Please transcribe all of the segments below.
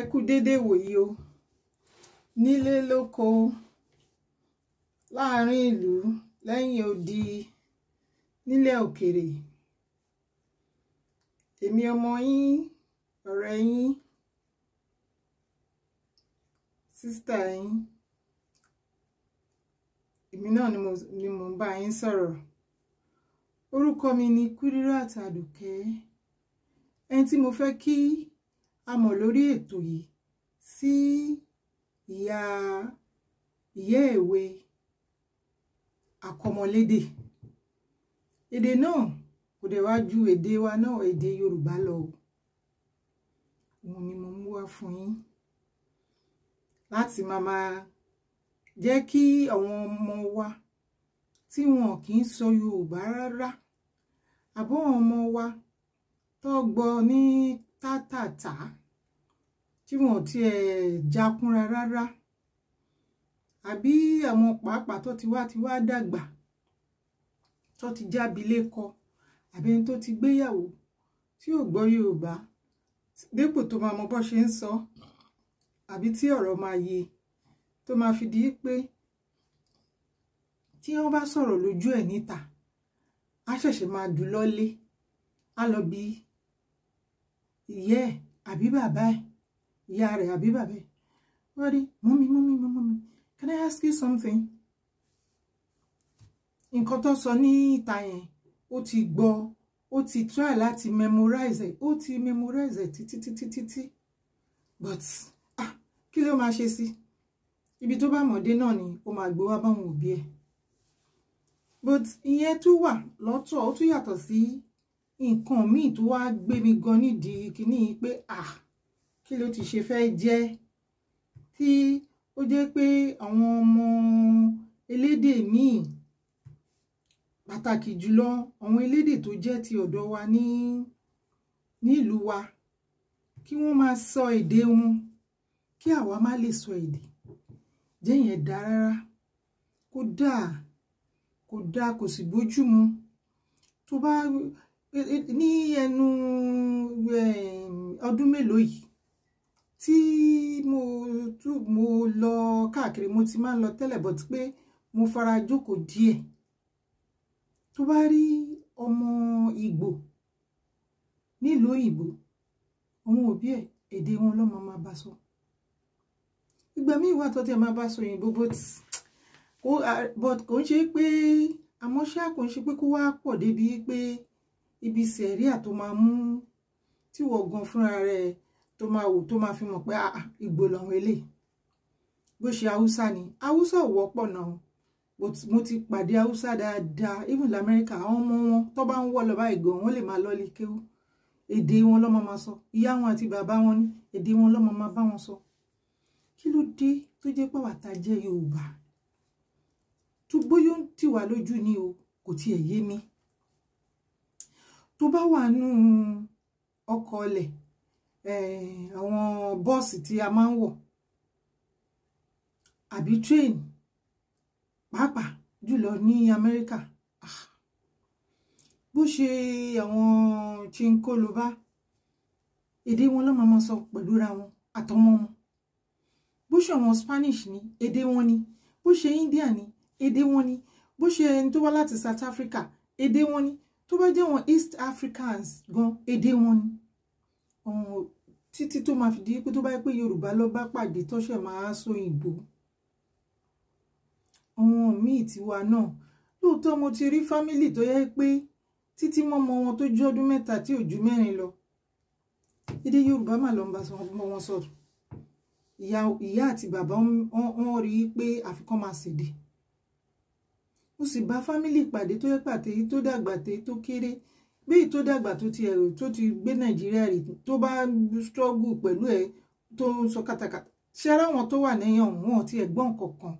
ẹ kú dédé wòyí o nílé lóko láàrin ìlú lẹ́yìn odi nílẹ̀ òkèrè èmi ọmọ yín ọ̀rẹ́ yín sísítà yín èmi náà ni mo ń bá yín sọ̀rọ̀ orúkọ mi ni Kudirat Àdùkẹ́ ẹni tí mo fẹ́ kí a mọ̀ lórí ètò yìí sí ìyá ìyá èwe àkọmọlédè èdè náà kò dẹ̀ wá ju èdè wa náà èdè Yorùbá lọ òun ni mo mú wá fún yín láti máa máa jẹ́ kí àwọn ọmọ wa tí wọn kì í sọ Yorùbá rárá àbọ̀ ọmọ wa tó gbọ́ ní tátàtà tí wọn ti ẹ̀ jakunra rárá àbí àwọn pàápàá tó ti wá ti wá dàgbà tó ti jábílékọ àbí ẹni tó ti gbéyàwó tí ò gbọ́ Yorùbá dépò tó máa mọ bó ṣe ń sọ àbí tí ọ̀rọ̀ máa yé tó máa fi di pé tí wọ́n bá sọ̀rọ̀ lójú ẹ̀ níta á ṣẹ̀ṣẹ̀ máa dùn lọ́lé á lọ bí ìyẹ́ ẹ̀ àbí bàbá ẹ̀ ìyá rẹ̀ àbí bàbá ẹ̀ wọ́n rí mọ́mí mọ́mí mọ́mí can I ask you something? nǹkan tó sọ ní ìta yẹn ó ti gbọ́ ó ti try láti memorize ó ti memorize títí títí títí but ah kí ló máa ṣe sí ibi tó bá mọ̀dé náà ni ó máa gbé wá báwọn òbí ẹ̀ but ìyẹn tún wà lọ́tọ̀ ó tún yàtọ̀ sí nǹkan míì tó wá gbé mi gan nídìí kínní pé ah kí ló ti ṣe fẹ́ jẹ́ tí ó jẹ́ pé àwọn ọmọ elédè míì pàtàkì jùlọ àwọn elédè tó jẹ́ ti ọ̀dọ̀ wa ní nílùú wa kí wọ́n máa sọ èdè wọn kí àwa má lè sọ èdè jẹ́yìn dá rárá kò dáa kò dáa kò sì bójú mu tó bá ní ẹnu ọdún mélòó yìí tí mo tún mo lọ káàkiri mo ti máa ń lọ tẹ́lẹ̀ bọ́ ti pé mo fara jókòó díẹ̀ tó bá rí ọmọ Ìgbò nílùú òyìnbó àwọn òbí ẹ̀ èdè wọn lọ́mọ máa bá sọ ìgbà míì wà tó tiẹ̀ máa bá sọ òyìnbó but kò ń ṣe pé àmọ́ ṣá kò ń ṣe pé kó wá pọ̀ débi pé ibi sẹ̀ríà tó máa mú tí wọ́n gan fúnra rẹ̀ tó máa wò tó máa fi mọ̀ pé ah, ah, ìgbò làwọn eléyìí bó ṣe haúsá ni haúsá ò wọ́pọ̀ náà mo ti pàdé haúsá dáadáa even lamẹ́ríkà àwọn ọmọ wọn tó bá ń wọ̀ lọ báyìí gan wọ́n lè máa lọ́ọ́lì kéwú èdè wọn lọ́mọ máa sọ ìyá wọn àti bàbá wọn ní èdè wọn lọ́mọ máa bá wọn sọ kí ló dé tó jẹ́ pé wàtá jẹ́ yorùbá tó bóyá ó ń lójú ni o kò tiẹ̀ yé mi tó bá wà nù ọkọ̀ ọlẹ̀ eh, àwọn bọ́ọ̀sì tí a máa ń wọ̀ àbí train pàápàá jùlọ ní Amẹ́ríkà ah, bó ṣe àwọn chinkoloba èdè wọn ló máa sọ pẹ̀lúra wọn àtọmọ wọn bó ṣe àwọn Spanish ní èdè wọn ni bó ṣe India ní èdè wọn ni bó ṣe ẹni tó wá láti South Africa èdè wọn ni tó bá jẹ́ wọn East Africans gan èdè wọn ni títí tó máa fi di pé tó bá yẹ pé Yorùbá lọ bá pàdé tọ́ṣẹ̀ máa sọ ìbò àwọn míì tiwa náà lóòótọ́ mo ti rí fámílì tó yẹ pé títí mọ́mọ wọn tó jẹ́ ọdún mẹ́ta tí ò ju mẹ́rin lọ èdè Yorùbá mà lọ ń bá wọn sọ̀rọ̀ ìyá àti bàbá wọn rí i pé àfikún máa ṣèdè mo sì bá fámìlì pàdé tó yẹ pàtẹ èyí tó dàgbà tẹ tó kéré bí èyí tó dàgbà tó ti ẹ̀rọ tó ti gbé nàìjíríà rè tó bá struggle pẹ̀lú ẹ̀ tó ń sọ kátàkátà ṣé ara wọn tó wà lẹ́yìn ọ̀hún wọn ti ẹ̀gbọ́n kankan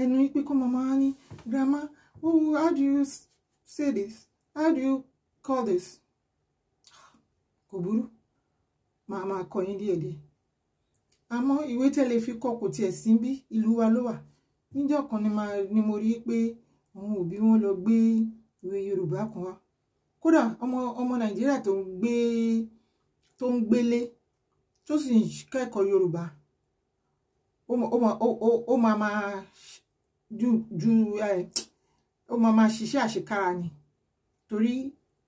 ẹnu wípé kó mọ máa ní grandma oh how do you say this how do you call this kò burú màá máa kọ́ yín díẹ̀díẹ̀ àmọ́ ìwé tẹ́lẹ̀ fi kọ kò tiẹ̀ sí bí ìlú wa ló wà níjọ́ kan ni mo rí pé àwọn òbí wọn lọ gbé ìwé Yorùbá kan wá kódà ọmọ ọmọ Nàìjíríà tó ń gbé tó ń gbélé tó sì ń kẹ́kọ̀ọ́ Yorùbá ó máa máa ju ju ó máa máa ṣiṣẹ́ àṣekára ni torí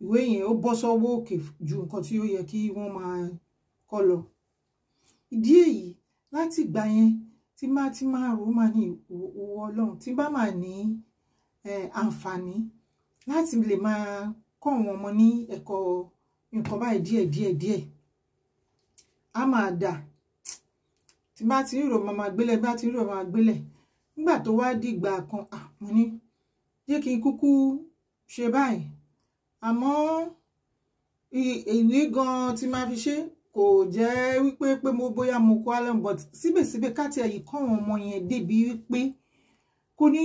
ìwé yẹn ó bọ́ sọ́wọ́ òkè ju nǹkan tí ó yẹ kí wọ́n máa kọ́ lọ ìdí èyí láti ìgbà yẹn tí má tí má rò ó máa ní owó ọlọ́run tí bá máa ní àǹfààní láti lè máa kọ́ àwọn ọmọ ní ẹ̀kọ́ nǹkan báyìí díẹ̀ díẹ̀ díẹ̀ á máa dà tí bá ti rírò máa máa gbélẹ̀ bá ti rírò máa gbélẹ̀ nígbà tó wá dìgbà kan mo ní jẹ́ kí n kúkú ṣe báyìí àmọ́ ìwé gan-an tí máa fi ṣe kò jẹ́ wípé pé mo bóyá mo kó alẹ́ but síbẹ̀síbẹ̀ káti ẹ̀yìn kọ́ àwọn ọmọ yẹn débi wípé kò ní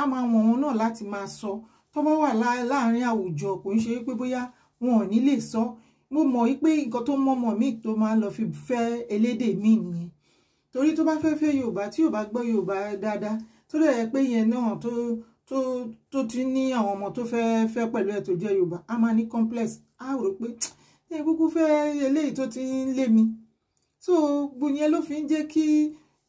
a máa wọ̀n wọn náà láti máa sọ tó bá wà láàárín àwùjọ kò ń ṣe wípé bóyá wọn ò ní lè sọ mo mọ̀ wípé nǹkan tó mọ́mọ́ mi tó máa lọ fi fẹ́ elédè mi nìyẹn torí tó bá fẹ́ fẹ́ Yorùbá tí Yorùbá gbọ́ Yorùbá dáadáa tó lè yẹ pé yẹn náà tó tó tó ti ní àwọn ọmọ tó fẹ́ fẹ́ pẹ̀lú ẹ̀ tó jẹ́ Yorùbá a máa ní complex a rò pé tsk ẹ kúkú fẹ́ eléyìí tó ti ń lé mi so gbòyẹn ló fi ń jẹ́ kí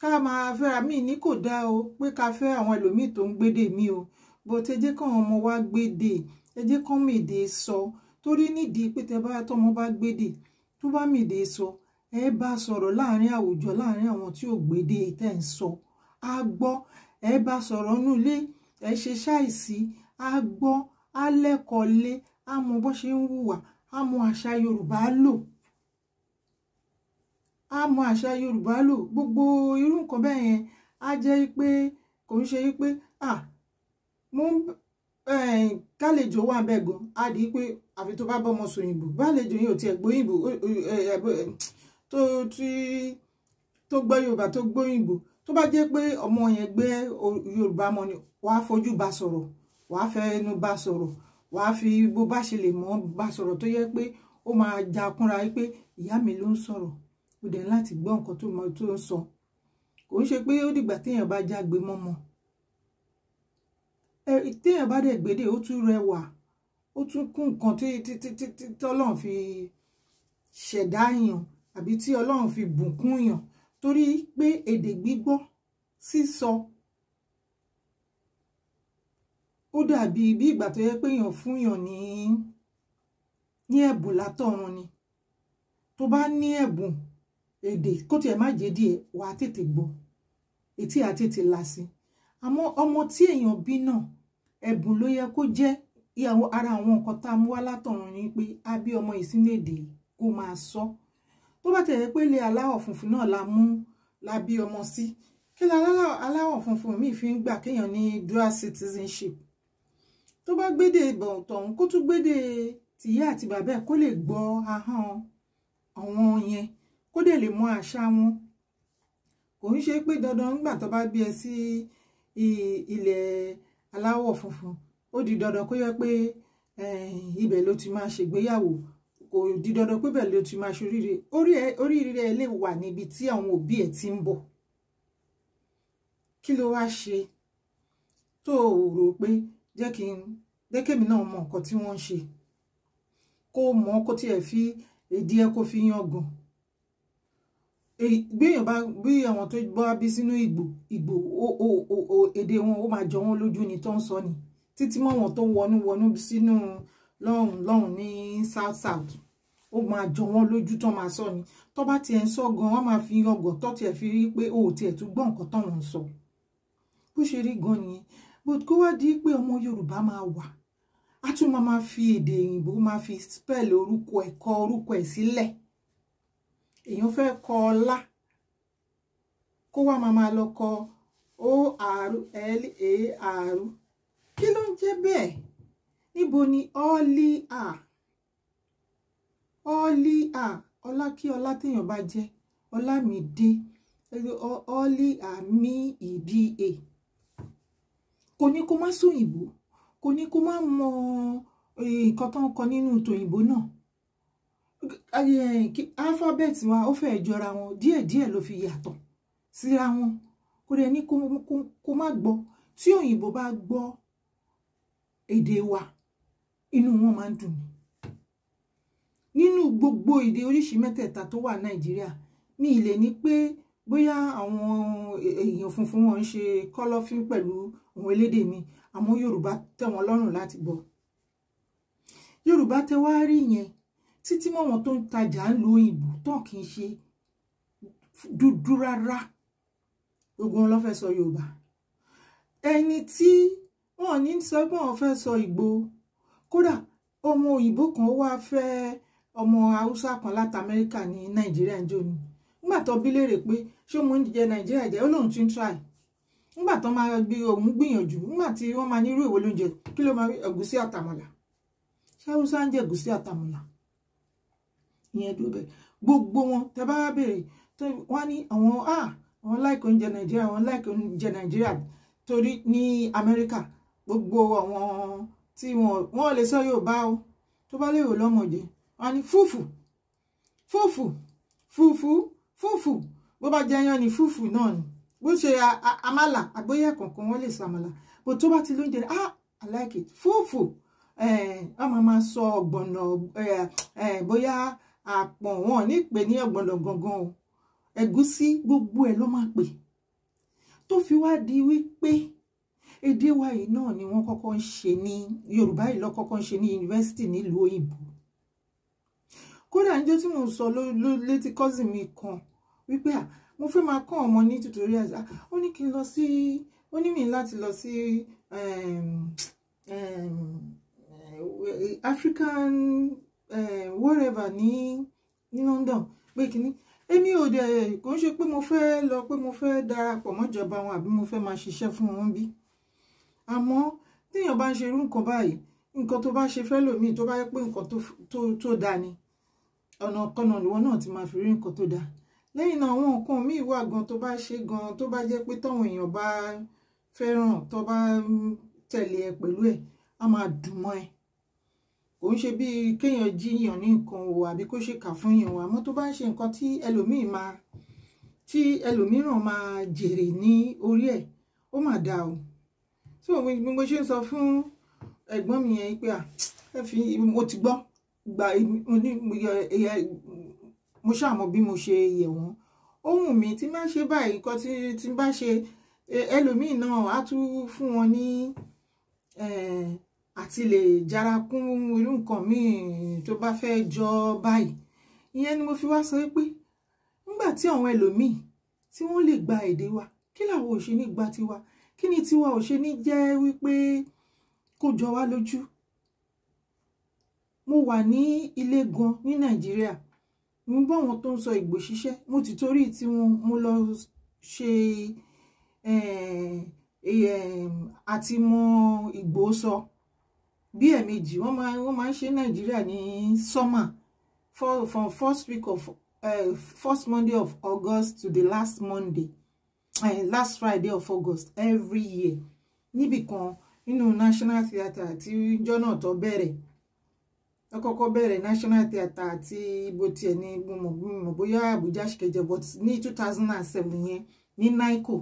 ká máa fẹ́ra míì ní kò dáa o pé ká fẹ́ àwọn ẹlòmíì tó ń gbédè mí o bó ti jẹ́ káwọn ọmọ wa gbédè ẹ jẹ́ kán mèdè sọ torí nídìí pé tẹ bá tọmọ bá gbédè tó bá mèdè sọ ẹ bá sọ̀rọ̀ láàrin àwùjọ láàrin àwọn tí ò gbédè tẹ̀ ń sọ á gbọ́ ẹ bá sọ̀rọ̀ nù lé ẹ ṣe ṣàìsí á gbọ́ á lẹ́kọ̀ọ́ lé á mọ bó ṣe ń hùwà á mọ àṣà yorùbá lò á mọ àṣà yorùbá lò gbogbo irú nǹkan bẹ́ẹ̀ yẹn á jẹ́ pé kò ń ṣe pé ah mo ń kálejò wà bẹ́ẹ̀ gan á di pé àfi tó bá bọ́mọ sòyìnbó bálejò yìí ò tiẹ̀ gbóyìnbó tó ti tó gbọ́ yorùbá tó gbóyìnbó tó bá jẹ́ pé ọmọ yẹn gbé yorùbá mọ́ ni wàá fojú bá sọ̀rọ̀ wàá fẹnu bá sọ̀rọ̀ wà á fi bó bá ṣe lè mọ́ bá sọ̀rọ̀ tó yẹ pé ó máa ja kúnra pé ìyá mi ló ń sọ̀rọ̀ ó dẹ̀ láti gbọ́ nǹkan tó mọ tó ń sọ kò ń ṣe pé ó dìgbà téèyàn bá jágbe mọ́mọ́ téèyàn bá dẹ̀ gbédè ó tún rẹwà ó tún kún nǹkan tí tọ́lọ́run fi ṣẹ̀dá yàn àbí tí ọlọ́run fi bùkún yàn torí pé èdè gbígbọ́ sísọ. Si ó dàbí bí ìgbà tó yẹ pé èèyàn fún ní ní ẹ̀bùn látọ̀run ni tó bá ní ẹ̀bùn èdè kó tiẹ̀ má jẹ́ díẹ̀ wà á tètè gbọ́ etí á tètè là sí àmọ́ ọmọ tí èèyàn bí náà ẹ̀bùn ló yẹ kó jẹ́ ara àwọn nǹkan tá a mú wá látọ̀run ni pé a bí ọmọ ìsínlẹ̀èdè kó máa sọ tó bá tẹ̀lé pé ilé aláwọ̀ funfun náà la mú la bí ọmọ sí kí ni aláwọ̀ funfun mi fi ń gbà kéèyàn ní dual citizenship tó bá gbédè ìbọn tọ̀hún kó tún gbédè tìyá àti bàbá ẹ̀ kó lè gbọ́ ahọ́n àwọn yẹn kó dẹ̀ lè mọ àṣà wọn kò ń ṣe pé dandan nígbà tó bá bí ẹ sí ilẹ̀ aláwọ̀ funfun ó di dandan kó yẹ pé ibẹ̀ ló ti máa ṣègbéyàwó kò di dandan pé ibẹ̀ ló ti máa ṣoríire oríire ẹ lè wà níbi tí àwọn òbí ẹ ti ń bọ̀ kí ló wá ṣe tó o rò pé jẹ́ kí n dẹ́kẹ̀mí náà mọ nǹkan tí wọ́n ń ṣe kó mọ̀ kó tiẹ̀ fi èdè ẹ kó fi yan gàn gbéyàn bá bí àwọn tó bá bí sínú ìgbò ìgbò èdè wọn ó máa jọ wọn lójú ni tó ń sọ ni títí mọ́ wọn tó wọnú wọnú sínú lọ́hùn lọ́hùn ní south south ó máa jọ wọn lójú tó máa sọ ni tó bá tiẹ̀ ń sọ gan wọ́n máa fi yan gàn tó tiẹ̀ fi rí pé o tiẹ̀ tún gbọ́ nǹkan tó wọ́n sọ bó ṣe rí gan nìyẹn but kó wá di pé ọmọ yorùbá máa wà á tún máa máa fi èdè òyìnbó máa fi spell orúkọ ẹ̀ kọ orúkọ ẹ̀ sílẹ̀ èèyàn fẹ́ kọ ọlá kó wá máa máa lọ kọ o-r-l-a-r kí ló ń jẹ́ bẹ́ẹ̀ níbo ni ọ́líà ọ́líà ọlá kí ọlá téèyàn bá jẹ́ ọlá mi dé ọ́líà mi ìdí e kò ní kó má sóyìnbó kò ní kó má mọ nǹkan tó ń kọ nínú tòyìnbó náà alifábẹ́ẹ̀tì wa ó fẹ́ẹ́ jọra wọn díẹ̀díẹ̀ ló fi yàtọ̀ síra wọn kò dẹ̀ ní kó má gbọ́ tí òyìnbó bá gbọ́ èdè wa inú wọn máa ń dùn mí nínú gbogbo èdè oríṣi mẹ́tẹ̀ẹ̀ta tó wà Nàìjíríà mi ì lè pé bóyá àwọn èèyàn funfun wọn ń ṣe kọ́lọ́fín pẹ̀lú ohun elédè mi àmọ́ yorùbá tẹ́ wọn lọ́rùn láti gbọ́ yorùbá tẹ́ wá rí yẹn títí mọ́ wọn tó ń tajà ń lo òyìnbó tán kì í ṣe dúdú rárá gbogbo wọn ló fẹ́ sọ yorùbá ẹni tí wọn ní sọ pé sọ ìgbò kódà ọmọ òyìnbó kan wá fẹ́ ọmọ haúsá kan láti amẹ́ríkà ní nàìjíríà ń jò nígbà tó bí léèrè pé ṣó mú oúnjẹ nàìjíríà jẹ ó lóun ti ń try nígbà tó máa gbé òun gbìyànjú nígbà tí wọ́n máa ní irú èwo lóúnjẹ kí ló máa rí ẹ̀gúsí àtàmọ̀là ṣáwùsá ń jẹ ẹ̀gúsí àtàmọ̀là ìyẹn dúró bẹ́ẹ̀ gbogbo wọn tẹ bá wá béèrè wọ́n ní àwọn a ah, àwọn láìkò oúnjẹ nàìjíríà àwọn láìkò oúnjẹ nàìjíríà torí ní amẹ́ríkà gbogbo àwọn tí wọn wọn lè sọ yorùbá o tó bá lè wò lọ́mọdé wọ́n ní fúfù fúfù fúfù fúfù bó bá jẹ ni fúfù náà ni bó ṣe àmàlà àgbóyè kọ̀ọ̀kan wọ́n lè sàmàlà bó tó bá ti lóúnjẹ ah i like it fúfù ọmọ eh, máa sọ ọ̀gbọ̀nà eh, eh, bóyá àpọ̀n wọn nípe ní ọ̀gbọ̀nà gangan o ẹ̀gúsí gbogbo ẹ̀ ló máa pè tó fi wá di wípé èdè wa yìí náà ni wọ́n kọ́kọ́ ń ṣe ní yorùbá yìí lọ́ kọ́kọ́ ń ṣe ní yunifásitì nílùú òyìnbó kódà níjọ́ tí mo sọ létí kọ́sìn mi kan wípé à mo fẹ́ máa kọ́ ọmọ ní tutorials à ó ní kí n lọ sí ó ní mi láti lọ sí African uh, whatever ní ní London pé kínní èmi ò dẹ̀ kò ń ṣe pé mo fẹ́ lọ pé mo fẹ́ darapọ̀ mọ́jọba wọn àbí mo fẹ́ máa ṣiṣẹ́ fún wọn bí àmọ́ téèyàn bá ń ṣe irú nǹkan báyìí nǹkan tó bá ṣe fẹ́ lòmíì tó bá yẹ pé nǹkan tó dáa ni ọ̀nà kọ́nà ìwọ náà ti máa fi rí nǹkan tó dáa lẹ́yìn náà àwọn nǹkan míì wà gan tó bá ṣe gan tó bá jẹ́ pé táwọn èèyàn bá fẹ́ràn tó bá tẹ̀lé ẹ pẹ̀lú ẹ̀ á máa dùn mọ́ ẹ kò ń ṣe bíi kéèyàn jíyàn ní nǹkan o àbí kó ṣèkà fún èèyàn wa àmọ́ tó bá ṣe nǹkan tí ẹlòmíì máa tí ẹlòmíràn máa jèrè ní orí ẹ̀ ó mà dáa o tí mo ṣe ń sọ fún ẹ̀gbọ́n mi yẹn pé à ẹ fi mo ti gbọ́ gba mo ṣáà mọ bí mo ṣe yẹ wọ́n ohun mi tí bá ṣe báyìí kọ́ tí tí bá ṣe ẹlòmíì náà á tún fún wọn ní àti lè jara kún irú nǹkan míì tó bá fẹ́ jọ báyìí ìyẹn ni mo fi wá sọ pé nígbà tí àwọn ẹlòmíì tí wọ́n lè gba èdè wa kí làwọn ò ṣe ní gba tiwa kí ni tiwa ò ṣe ní jẹ́ wípé kó jọ wá lójú mo wà ní ilé gan ní nàìjíríà mo bá àwọn tó ń sọ ìgbò ṣiṣẹ́ mo ti torí tí wọn mo lọ ṣe eh, eh, àti mọ ìgbò sọ bí ẹ̀ẹ̀mejì wọ́n máa ń ṣe nàìjíríà ní summer from first week of eh, first Monday of August to the last Monday last Friday of August every year níbìkan nínú National Theatre àti ìjọ náà tó bẹ̀rẹ̀ ẹ kọ́kọ́ national theatre àti ibo tiẹ̀ ní gbọmọgbọmọ bóyá àbújá ṣìkẹjẹ but ní two thousand and seven yẹn ní NICO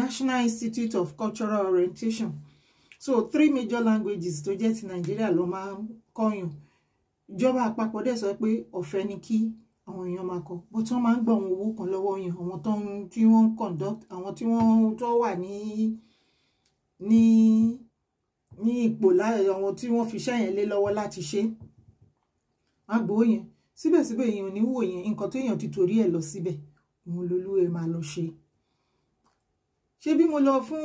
national institute of cultural orientation so three major languages tó jẹ́ ti nàìjíríà ló máa ń kọ́yàn ìjọba àpapọ̀ dẹ̀ sọ pé ọ̀fẹ́ ni kí àwọn èèyàn máa kọ bó tí wọ́n máa ń gbọ́ àwọn owó kan lọ́wọ́ yẹn àwọn tí wọ́n ń conduct àwọn tí wọ́n tó wà ní ní ní ipò àwọn tí wọ́n fi iṣẹ́ yẹn lé lọ́wọ́ láti ṣe àgbò yẹn síbẹ̀síbẹ̀ èèyàn ní wò yẹn nǹkan téèyàn ti torí ẹ̀ lọ síbẹ̀ òun lolúwe máa lọ ṣe ṣé bí mo lọ fún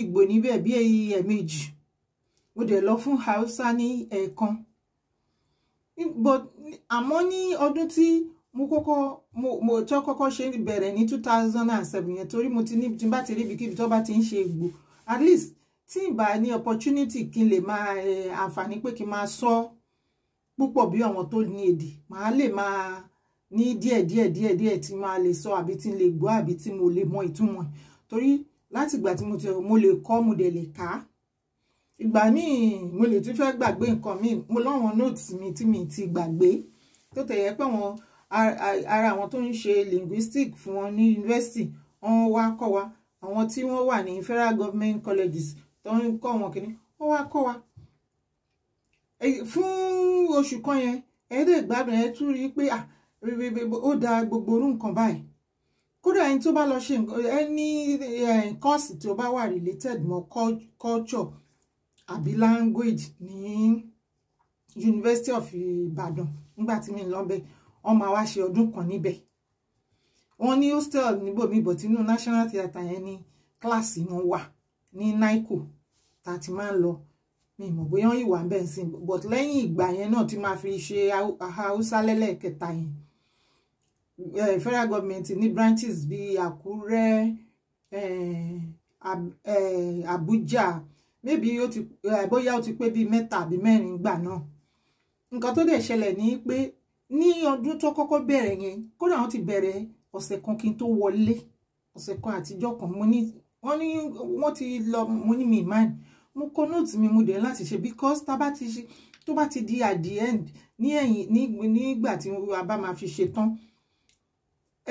Ìgbò níbẹ̀ bí ẹ̀ẹ̀mejì mo dẹ̀ lọ fún Haúsá ní ẹ̀ẹ̀kan àmọ́ ní ọdún tí mo kọ́kọ́ mo mo tó kọ́kọ́ ṣe bẹ̀rẹ̀ ní two thousand and seven yẹn torí mo ti ní tí n bá ti rí ibikíbi tó bá ti ń ṣe Ìgbò at least tí n bá ní opportunity kí n lè máa àǹfààní pé kí n máa sọ púpọ̀ bí àwọn tó ní èdè màá lè máa ní díẹ̀ díẹ̀ díẹ̀ díẹ̀ tí màá lè sọ àbí tí n lè gbọ́ àbí tí mo lè mọ ìtumọ̀ torí láti ìgbà tí mo ti mo lè kọ́ mo dẹ̀ lè kà ìgbà míì mo lè tún fẹ́ gbàgbé nǹkan míì mo láwọn notes mi tí mi ti gbàgbé tó tẹ̀yẹ pé wọn ara àwọn tó ń ṣe linguistic fún wọn ní yunifásitì wọn wá kọ́ wa àwọn tí wọ́n wà ní federal government colleges tó ń kọ́ wọn kìíní ó wá kọ́ wa fún oṣù kan yẹn ẹ lè gbádùn ẹ tún rí i pé ó da gbogbo orú nǹkan báyìí kódà ẹni tó bá lọ ṣe ẹni kọ́ọ̀sì tó bá wà related mọ́ culture àbí language ní University of Ibadan nígbà tí mi ń lọ bẹ wọ́n máa wá ṣe ọdún kan níbẹ̀ wọ́n ní hostel níbòmíbò tínú National Theatre yẹn ní kíláàsì wọn wà ní NAICO tá a ti máa ń lọ mi mọ̀ bóyá yìí wà bẹ́ẹ̀ sí but lẹ́yìn ìgbà yẹn náà tí máa fi ṣe haúsá lẹ́lẹ́kẹta yẹn eh, federal government ní branches bíi Àkúrẹ́ Àbújá eh, eh, maybe bóyá ó ti pé bíi mẹ́ta àbí mẹ́rin gbà náà nǹkan tó dẹ̀ ṣẹlẹ̀ ní pé ní ọdún tó kọ́kọ́ bẹ̀rẹ̀ yẹn kódà wọ́n ti bẹ̀rẹ̀ ọ̀sẹ̀ kan kí n tó wọlé ọ̀sẹ̀ kan àtijọ́ kan mo ní wọ́n ní wọ́n ti lọ mo ní mi ìmáàlì mo kọ note mi mo dẹ̀ láti ṣe because tá bá ti ṣe tó bá ti di at the end ní ẹ̀yìn nígbà tí a bá máa fi ṣe tán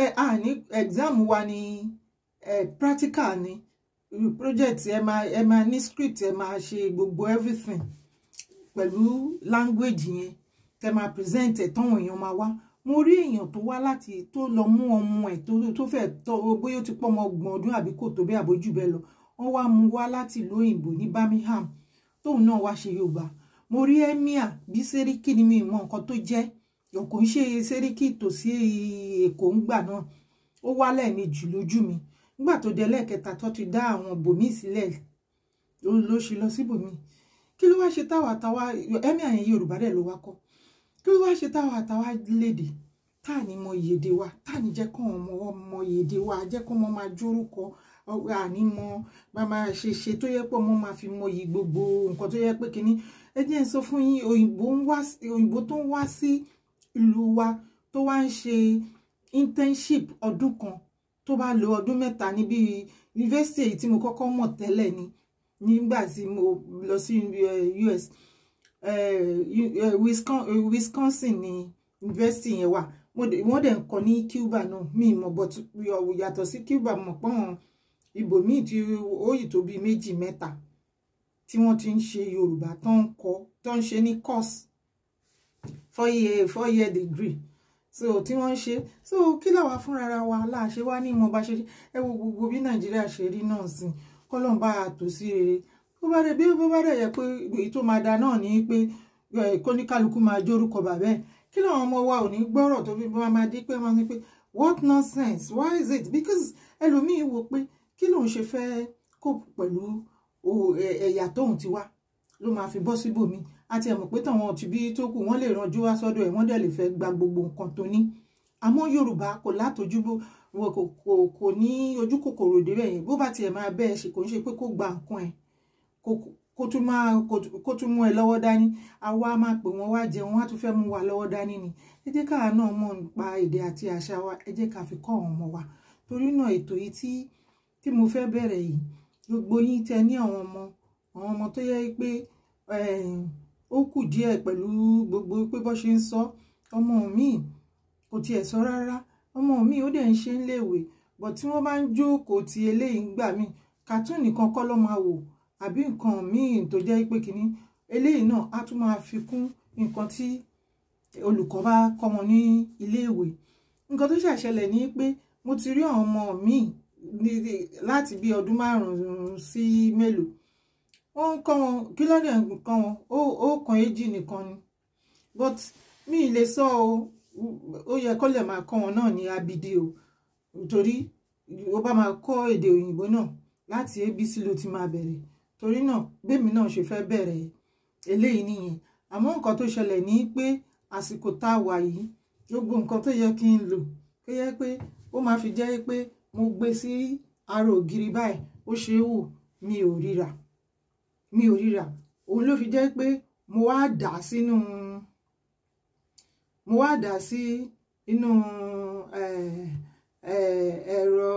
ẹ à ní exam wa ni ẹ practical ni project ẹ máa ẹ máa ní script ẹ máa ṣe gbogbo everything pẹ̀lú language yẹn tẹ máa present ẹ̀ tán èèyàn máa wá mo rí èèyàn tó wá láti tó lọ mú ọmọ ẹ̀ tó fẹ́ tọ́ bóyá ó ti pọ́ ọmọ ọgbọ̀n ọdún àbí kò tó bẹ́ẹ̀ àbójú bẹ́ẹ̀ lọ wọ́n wá mú wá láti ìlú òyìnbó ní Birmingham tóun náà wá ṣe Yorùbá mo rí emir bí sẹ́ríkì ni mi mọ nǹkan tó jẹ́ òkò ń ṣe sẹ́ríkì tòsí Èkó ń gbà náà ó wá lẹ́ẹ̀mejì lójú mi nígbà tó dé lẹ́ẹ̀kẹta tó ti dá àwọn bòmíì sílẹ̀ ló ṣe lọ sí bòmíì kí ló wá ṣe táwa táwa emir yẹn Yorùbá dẹ̀ ló wá kọ́ kí ló wá ṣe táwa táwa lédè táà ní mọ ìyèdè wa táà ní jẹ́ kọ́ ọmọ ọmọ ìyèdè wa jẹ́ kọ́ ọmọ máa jórúkọ àní mọ bàbá ṣèṣe tó yẹ pé ọmọ máa fi mọyì gbogbo nǹkan tó yẹ pé kínní ẹ jẹ́ ń sọ fún yín òyìnbó tó ń wá sí ìlú wa tó wá ń ṣe internship ọdún kan tó bá lo ọdún mẹ́ta níbi yunifásitì èyí tí mo kọ́kọ́ mọ̀ tẹ́lẹ̀ ni nígbà tí mo lọ sí eh, US eh, eh, Wisconsin ni yunifásitì yẹn wà wọ́n dẹ̀ ń kọ́ ní Cuba náà mi mọ̀ bọ̀ yàtọ̀ sí Cuba mọ̀ pọ́n ibòmíì tí ó yìí tó bíi méjì mẹ́ta tí wọ́n ti ń ṣe yorùbá tó ń kọ tó ń ṣe ní course four year four year degree so tí wọ́n ń ṣe so kí làwa fúnra wa láàṣẹ wá ní ìmọ̀ bá ṣe ẹ wo gbogbo bí nàìjíríà ṣe rí náà sí kọ́lọ́n bá a tò sí rere bó bá dẹ̀ bí bó bá dẹ̀ yẹ pé èyí tó máa da náà ní pé kóníkálukú máa jórúkọ bàbẹ́ kí làwọn ọmọ wa ò ní gbọ́rọ̀ tó fi máa di pé wọ́n ní pé what nonsense why is it because ẹlòmíín wò pé kí lòun ṣe fẹ́ kó pẹ̀lú ẹ̀yà tóun ti wá ló máa fi bọ́ síbòmí àti ẹ̀mọ̀ pé táwọn ọtí bí tó kù wọ́n lè ranjú wá sọ́dọ̀ ẹ̀ wọ́n dẹ̀ lè fẹ́ gba gbogbo nǹkan tó ní àmọ́ Yorùbá kò látojú wọn kò kò kò ní ojú kòkòrò débẹ̀ yẹn bó bá tiẹ̀ máa bẹ́ẹ̀ ṣe kò ń ṣe pé kó gba nǹkan ẹ̀ kó tún máa kó tún mú ẹ lọ́wọ́ dání àwa máa pè wọ́n wá jẹun wọ́n á tún fẹ́ mú wa lọ́wọ́ dání ni ẹ jẹ́ káà náà mọ̀ nípa èdè àti àṣà wa ẹ jẹ́ ká fi kọ́ àwọn ọmọ wa torí náà ètò yìí tí tí mo fẹ́ bẹ̀rẹ̀ yìí gbogbo yín tẹ ní àwọn ọmọ àwọn ọmọ tó yẹ pé eh, ó kù díẹ̀ pẹ̀lú gbogbo pé bó ṣe ń sọ ọmọ mi kò tiẹ̀ sọ rárá ọmọ mi ó dẹ̀ ń ṣe ń léèwé bọ̀ tí wọ́n bá ń jókòó ti eléyìí ń gbà mí cartoon nìkan kọ́ ló máa wò àbí nǹkan míì tó jẹ́ pé kínní eléyìí náà á tún máa fi kún nǹkan tí olùkọ́ bá kọ́ wọn ní iléèwé nǹkan tó ṣàṣẹlẹ̀ ni pé mo ti rí àwọn ọmọ míì láti bí ọdún márùn-ún sí mélòó ó ń kọ́ wọn kí lọ́dẹ̀ ń kọ́ wọn ó kan èjì nìkan ni but mi ì lè sọ o ó yẹ kó lè máa kọ́ wọn náà ní abidi o torí ó bá máa kọ́ èdè òyìnbó náà láti abc ló ti máa bẹ̀rẹ̀ torí náà bẹ́mi náà ṣe fẹ́ bẹ̀rẹ̀ eléyìí nìyẹn àmọ́ nǹkan tó ṣẹlẹ̀ ní pé àsìkò tá a wà yìí gbogbo nǹkan tó yẹ kí n lò tó yẹ pé ó máa fi jẹ́ pé mo gbé sí ara ògiri báyìí ó ṣe é wò mi ò ríra mi ò ríra òun ló fi jẹ́ pé mo wá dà sínú mo wá dà sí inú ẹ̀rọ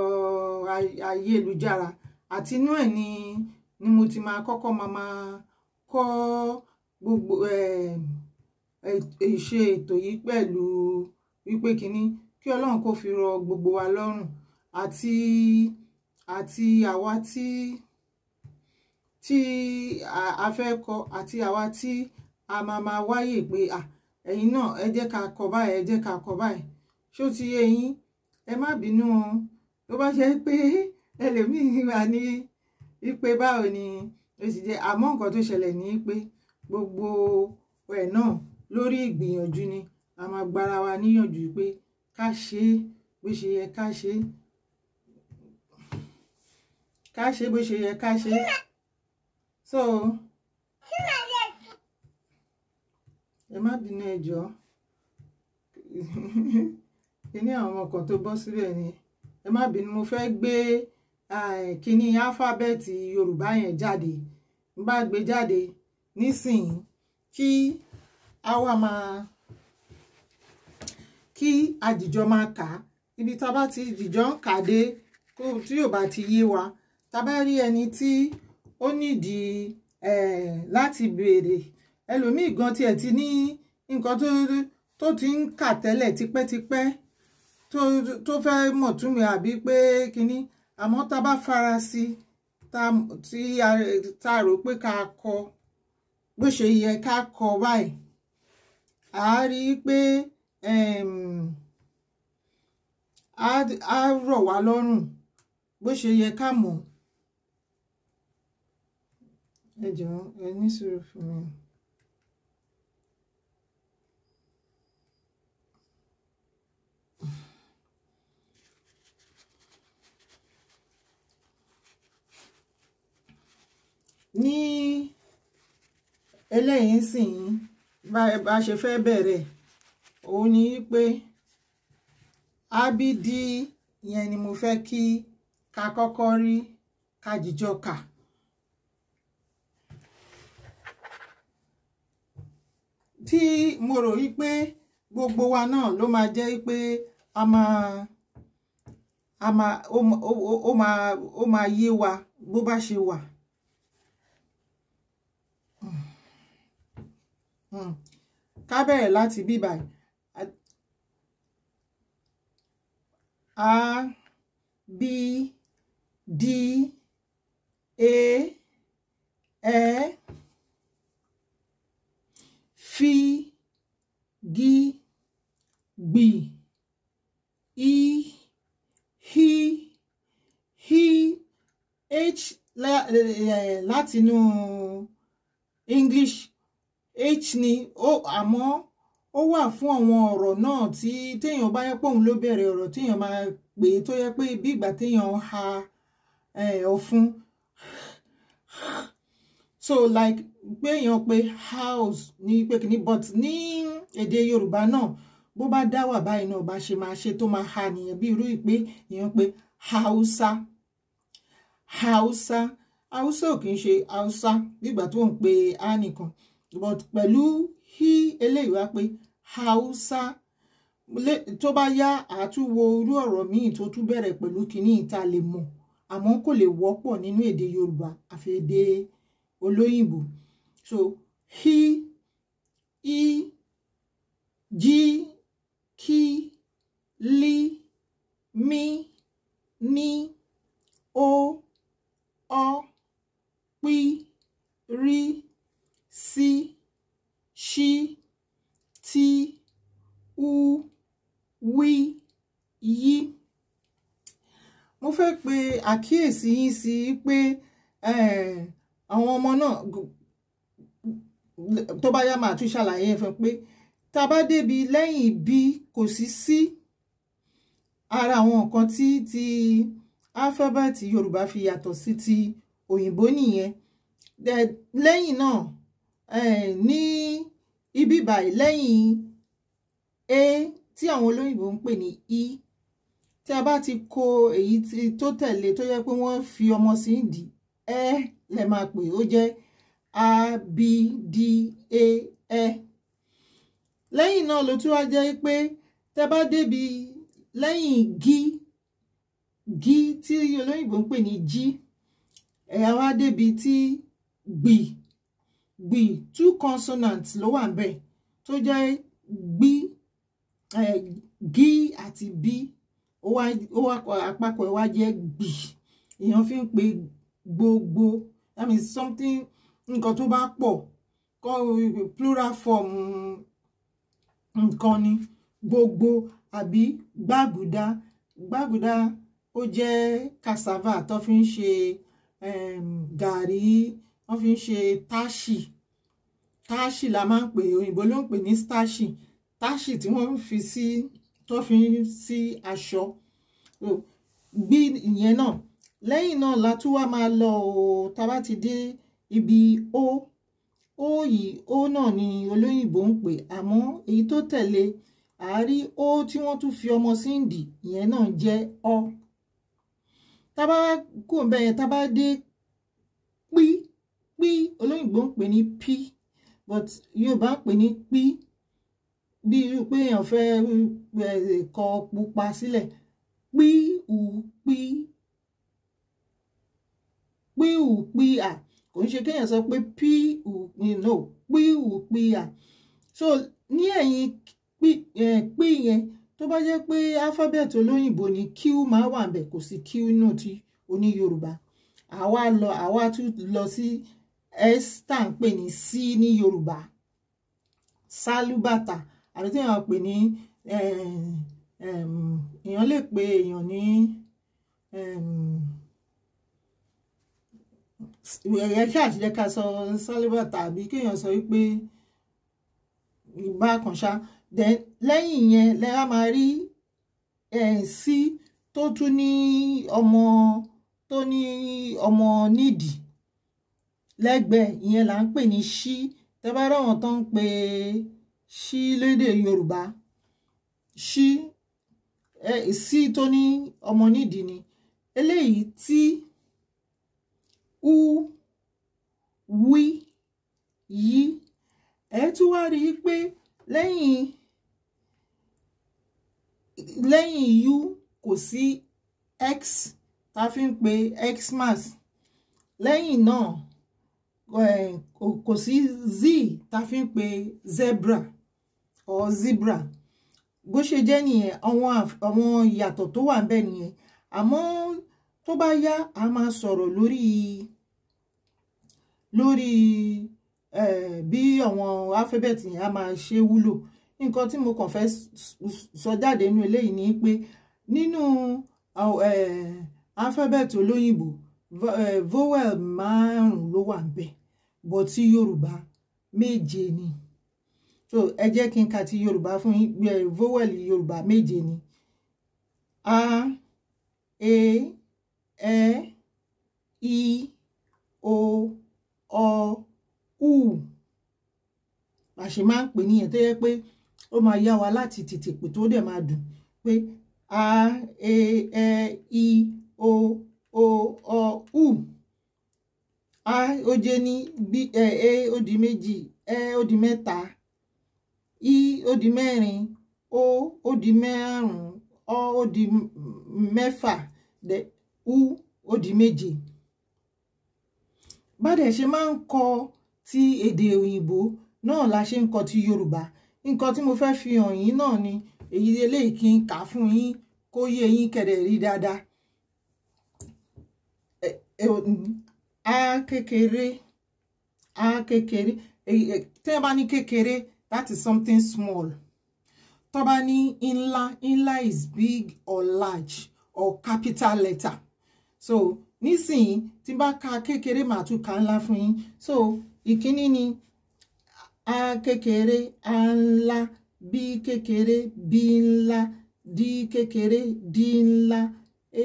ayélujára àti inú ẹ̀ ni ni mo ti máa kọ́kọ́ máa máa kọ́ gbogbo ìṣe ètò yìí pẹ̀lú wípé kínní kí ọlọ́run kó fi rọ gbogbo wa lọ́rùn àti àti àwa tí tí a fẹ́ kọ àti àwa tí a máa máa wáyè pé à ẹ̀yin náà ẹ jẹ́ ká kọ báyìí ẹ jẹ́ ká kọ báyìí ṣó ti yé yín ẹ má bínú o ló bá ṣe pé ẹlòmíín wà ní ipe báwo ni ó sì jẹ́ àmọ́ nǹkan tó ṣẹlẹ̀ ní pé gbogbo ẹ̀ náà lórí ìgbìyànjú ni a máa gbára wa níyànjú pé ká ṣe é bó ṣe yẹ ká ṣe é ká ṣe bó ṣe yẹ ká ṣe so ẹ má bínú ẹ jọ̀ọ́ kíní àwọn ọkàn tó bọ́ síbẹ̀ ni ẹ má bínú mo fẹ́ gbé kíní alifábẹ́ẹ̀tì yorùbá yẹn jáde n bá gbé jáde nísìnyí kí a wá máa kí àjìjọ máa kà á ibi tá a bá ti jìjọ ń kà dé tí yóò bá ti yé wa tá bá rí ẹni tí ó nídìí láti béèrè ẹlòmíì gan tiẹ̀ ti ní nǹkan tó tó ti ń kà tẹ́lẹ̀ tipẹ́tipẹ́ tó tó fẹ́ mọ̀ túmọ̀ àbí pé kínní àmọ́ tá bá fara sí tí a rò pé ká kọ bó ṣe yẹ ká kọ báyìí a rí i pé a rọ̀ wá lọ́rùn bó ṣe yẹ ká mọ̀ ẹ jọ̀ọ́ ẹ ní sùúrù fún mi. ní eléyìí ń bá a ṣe fẹ́ bẹ̀rẹ̀ òun ni pé ábídí yẹn ni mo fẹ́ kí ká kọ́kọ́ rí ká jíjọ́ kà. tí mo rò yí pé gbogbo wa náà ló máa jẹ́ pé a máa a máa ó máa ó máa yé wa bó bá ṣe wà. Hmm. ká bẹ̀rẹ̀ láti bí báyìí a b d a ẹ. E, e fi gi gbì i hí hí h eh, látinú English h ni ó àmọ́ ó wà fún àwọn ọ̀rọ̀ náà tí téèyàn bá yẹ pé òun ló bẹ̀rẹ̀ ọ̀rọ̀ téèyàn máa pè é tó yẹ pé bí ìgbà téèyàn ha eh, ọ̀fun so like pé èèyàn pé house ní pé kìíní but ní èdè yorùbá náà bó bá dá wà báyìí náà bá ṣe máa ṣe tó máa ha nìyẹn bí irú ìpé èèyàn pé hausa hausa hausa ò kì í ṣe hausa nígbà tó ń pe a nìkan but pẹ̀lú hí eléyìí wá pé hausa tó bá yá àtúwo irú ọ̀rọ̀ míì tó tún bẹ̀rẹ̀ pẹ̀lú kìíní ìta lè mọ̀ àmọ́ kò lè wọ́pọ̀ nínú èdè yorùbá àfi èdè yorùbá olóyìnbó so he i jí kí lí mí ní O, ọ pí rí sí ṣí tí u wí yí mo fẹ́ pe àkíyèsí yín sí pé eh, àwọn ọmọ náà tó bá yá máa tún ṣàlàyé ẹ pé tá a bá débi lẹ́yìn bí kò sí sí ara àwọn nǹkan tí ti alifábẹ́ẹ̀tì yorùbá fi yàtọ̀ sí ti òyìnbó nìyẹn lẹ́yìn náà ní ibí báyìí lẹ́yìn a tí àwọn olóyìnbó ń pè ní e tí a bá ti kó èyí tó tẹ̀lé tó yẹ pé wọ́n fi ọmọ sí ìdí ẹ́. E, eh, lẹ máa pè ó jẹ́ a b d a e, ẹ e. lẹ́yìn náà ló tún wá jẹ́ pé tẹ bá débi lẹ́yìn gí gí tí olóyìnbó ń pè ní jí ẹ̀yà wá débi tí gbì gbì two consonants ló wà ńbẹ̀ tó jẹ́ gbí gí àti bí ó wá àpapọ̀ ẹ̀ wá jẹ́ gbì èèyàn fi ń pe gbogbo. Gbo, that means something nǹkan tó bá pọ̀ plural form nǹkan ni gbogbo àbí gbàgùdá gbàgùdá ó jẹ́ cassava tó fi ń ṣe um, gàrí wọ́n fi ń Tashi, táṣì táṣì la máa ń pè òyìnbó ló ń pè ní stáṣì táṣì fi sí tó fi sí aṣọ gbí ìyẹn náà lẹ́yìn náà la tún wá máa lọ o tá bá ti dé ibi o o yìí o náà ni olóyìnbó ń pè àmọ́ èyí tó tẹ̀lé àárí o tí wọ́n tún fi ọmọ sí ń dì ìyẹn náà jẹ́ ọ tá a bá kó bẹ́ẹ̀ yẹn bá dé pí pí olóyìnbó ń pè ní pí but Yorùbá ń pè ní pí bí irú pé èèyàn fẹ́ kọ pupa sílẹ̀ pí ù pí píhù píhà kò ń ṣe kéèyàn sọ pé píhù no píhù píhà so ní ẹ̀yìn pí yẹn tó bá jẹ́ pé alphabet olóyìnbó ni q máa wà ń bẹ̀ kò sí q náà ti oní yorùbá àwa lọ àwa tún lọ sí s tá à ń pè ní c ní yorùbá sálúbàtà àti tí èèyàn pè ní èèyàn lè pe èèyàn ní ẹ̀yẹ kí àṣìjẹ́ ká sọ sálíbà tàbí kéèyàn sọ wípé ìbá kan ṣá lẹ́yìn yẹn lẹ́yìn máa rí sí tó tún ní ọmọ tó ní ọmọ nídìí lẹ́gbẹ̀ẹ́ ìyẹn là ń pè ní ṣí tẹ́ bá ráwọn tó ń pe ṣí lédè Yorùbá ṣí sí tó ní ọmọ nídìí ni eléyìí tí u wí yí ẹ tún wá rí i pé lẹ́yìn lẹ́yìn u kò sí x tá a fi ń pe xmas lẹ́yìn náà eh, kò sí z tá a fi ń pe zebra or zebra bó ṣe jẹ́ nìyẹn àwọn ìyàtọ̀ tó wà ń bẹ̀ nìyẹn àmọ́ tó bá yá a máa sọ̀rọ̀ lórí lórí bí àwọn alphabet yẹn a máa ṣe wúlò nǹkan tí mo kàn fẹ́ sọ jáde nínú eléyìí ni pé nínú alphabet olóyìnbó vowel márùn ló wà ń bẹ bọ́ tí yorùbá méje ni so ẹ jẹ́ kí n ka ti yorùbá fún yín vowel yorùbá méje ni a e ẹ e, i o O, u bá ṣe máa ń pè nìyẹn tó yẹ pé ó máa yá wa láti tètè pè tó dẹ̀ máa dùn pé a e E, i o o ọ u a ó jẹ́ ní bí ẹ e, e ó di méjì ẹ e, ó di mẹ́ta i ó di mẹ́rin o ó di márùn-ún ọ ó di mẹ́fà u ó di méje bá dẹ̀ ṣe máa ń kọ ti èdè òyìnbó náà la ṣe ń kọ ti yorùbá nǹkan tí mo fẹ́ fi hàn yín náà ni èyí eléyìí kí n kà á fún yín kó yé yín kẹ̀dẹ̀ rí dáadáa a kékeré a kékeré tí wọ́n bá ní kékeré that is something small tó bá ní ńlá ńlá is big or large or capital letter so nísìnyí tí bá ka kékeré màá tún ka ńlá fún yín so ìkíní ni a kekere a ńlá bí kekere bí ńlá di kékeré di ńlá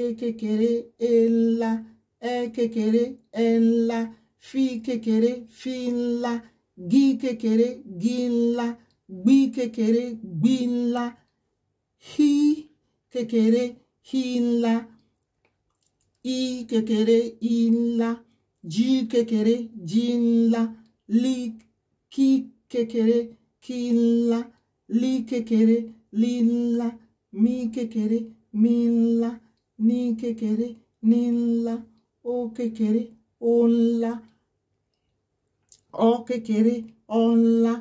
e kekere e ńlá ẹ e kékeré ẹ e ńlá fi kékeré fi ńlá gí kékeré gí ńlá gbí kékeré gbí ńlá hí kékeré hí ńlá. Hi, i kekere i ńlá jí kékeré jí ńlá lí kí kékeré kí ńlá lí kékeré lí ńlá mí kékeré mí ńlá ní kékeré ní ńlá ó kékeré ó ńlá ọ kékeré ọ ńlá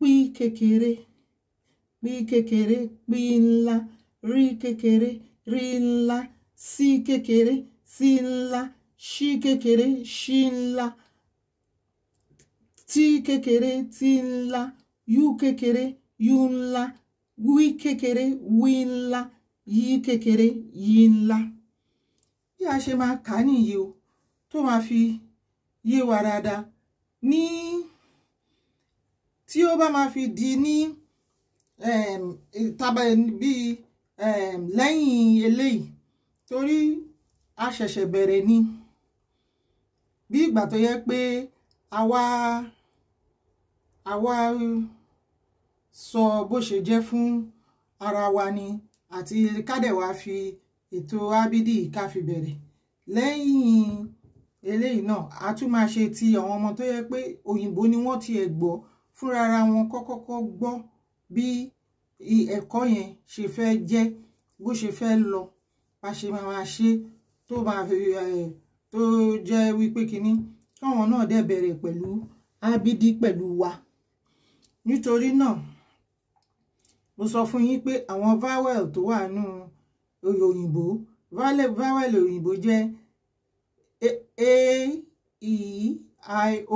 pí kékeré pí tí ńlá ṣí kékeré ṣí ńlá tí kékeré tí ńlá yú kékeré yú ńlá wí kékeré wí ńlá yí kékeré yí ńlá bí a ṣe máa kà á nìyí o tó máa fi yé wa dáadáa ní tí ó bá máa fi di ní um, tàbí bíi um, lẹ́yìn eléyìí torí a ṣẹ̀ṣẹ̀ bẹ̀rẹ̀ ni bí ìgbà tó yẹ pé àwa àwa sọ bó ṣe jẹ́ fún ara wa ni àti kádẹ̀wá fi ètò ábídì ká fi bẹ̀rẹ̀ lẹ́yìn eléyìí náà a tún máa ṣe ti àwọn ọmọ tó yẹ pé òyìnbó ni wọ́n ti ẹ̀ gbọ́ fúnra ara wọn kọ́kọ́kọ́ gbọ́ bí ẹ̀kọ́ yẹn ṣe fẹ́ jẹ́ bó ṣe fẹ́ lọ bá ṣe máa ṣe tó máa fi tó jẹ́ wípé kinní káwọn náà dẹ̀ bẹ̀rẹ̀ pẹ̀lú ábídí pẹ̀lú wa nítorí náà mo sọ fún yín pé àwọn vowel tó wà nù òyìnbó vowel òyìnbó jẹ́ a e i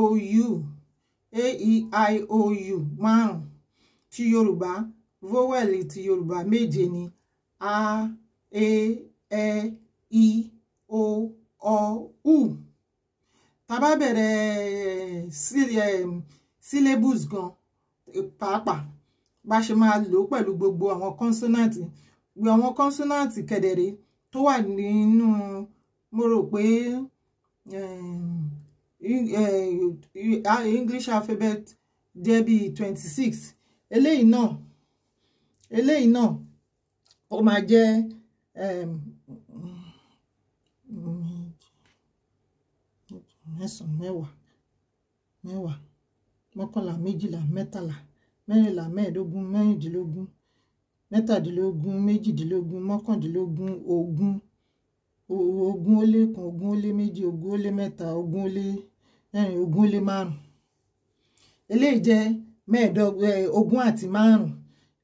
o u a e i o u márùn ti yorùbá vowel ti yorùbá méje ni a e ẹ e, i. E, o o u tá a bá bẹ̀rẹ̀ syllabus gan pàápàá bá ṣe máa lò ó pẹ̀lú gbogbo àwọn consonant gbogbo àwọn consonant kẹ̀dẹ̀rẹ̀ tó wà nínú mo rò pé English alphabet jẹ́ bíi twenty six eléyìí náà eléyìí náà ó máa mẹ́sàn-án mẹ́wàá mẹ́wàá mọ́kànlá méjìlá mẹ́tàlá mẹ́rìnlá mẹ́ẹ̀ẹ́dógún mẹ́rìndínlógún mẹ́tàdínlógún méjìdínlógún mọ́kàndínlógún ogún ogún ó lé kan ogún ó lé méjì ogún ó lé mẹ́ta ogún ó lé mẹ́rin ogún ó lé márùn eléyìí jẹ́ mẹ́ẹ̀ẹ́dọ́gbọ̀n ogún àti márùn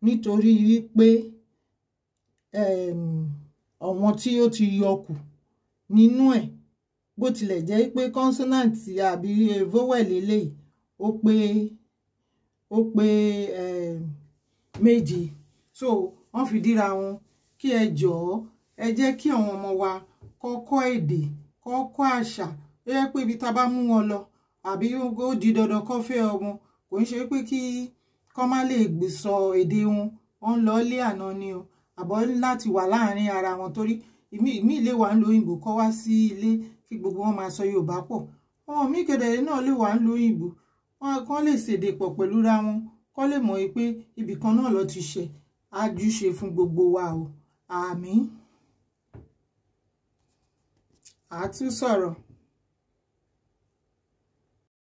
nítorí wípé àwọn tí ó ti yọ kù nínú ẹ̀ bó tilẹ̀ jẹ́ pé consonant àbí vowel eléyìí ó pé ó pé eh, méje so wọ́n fi díra wọn kí ẹ jọ̀ọ́ ẹ jẹ́ kí àwọn ọmọ wa kọ́kọ́ èdè kọ́kọ́ àṣà ó yẹ pé ibi tá a bá mú wọn lọ àbí ó di dandan kọ́ fẹ́ ọmọ kò ń ṣe pé kí kọ́ má lè gbé sọ èdè wọn wọ́n lọ lé àná ni o àbọ̀ láti wà láàárín ara wọn torí ìmí ìlé wa ń lo òyìnbó kọ́ wá sí ilé kí gbogbo wọn máa sọ yorùbá pọ̀ ọmọ mi kẹ̀dẹ̀rẹ̀ náà lè wà ń lo òyìnbó wọn kàn lè ṣèdè pọ̀ pẹ̀lú ra wọn kọ́ lè mọ̀ pé ibì kan náà ló ti ṣe àjùṣe fún gbogbo wa o àmín àtúnṣọ̀rọ̀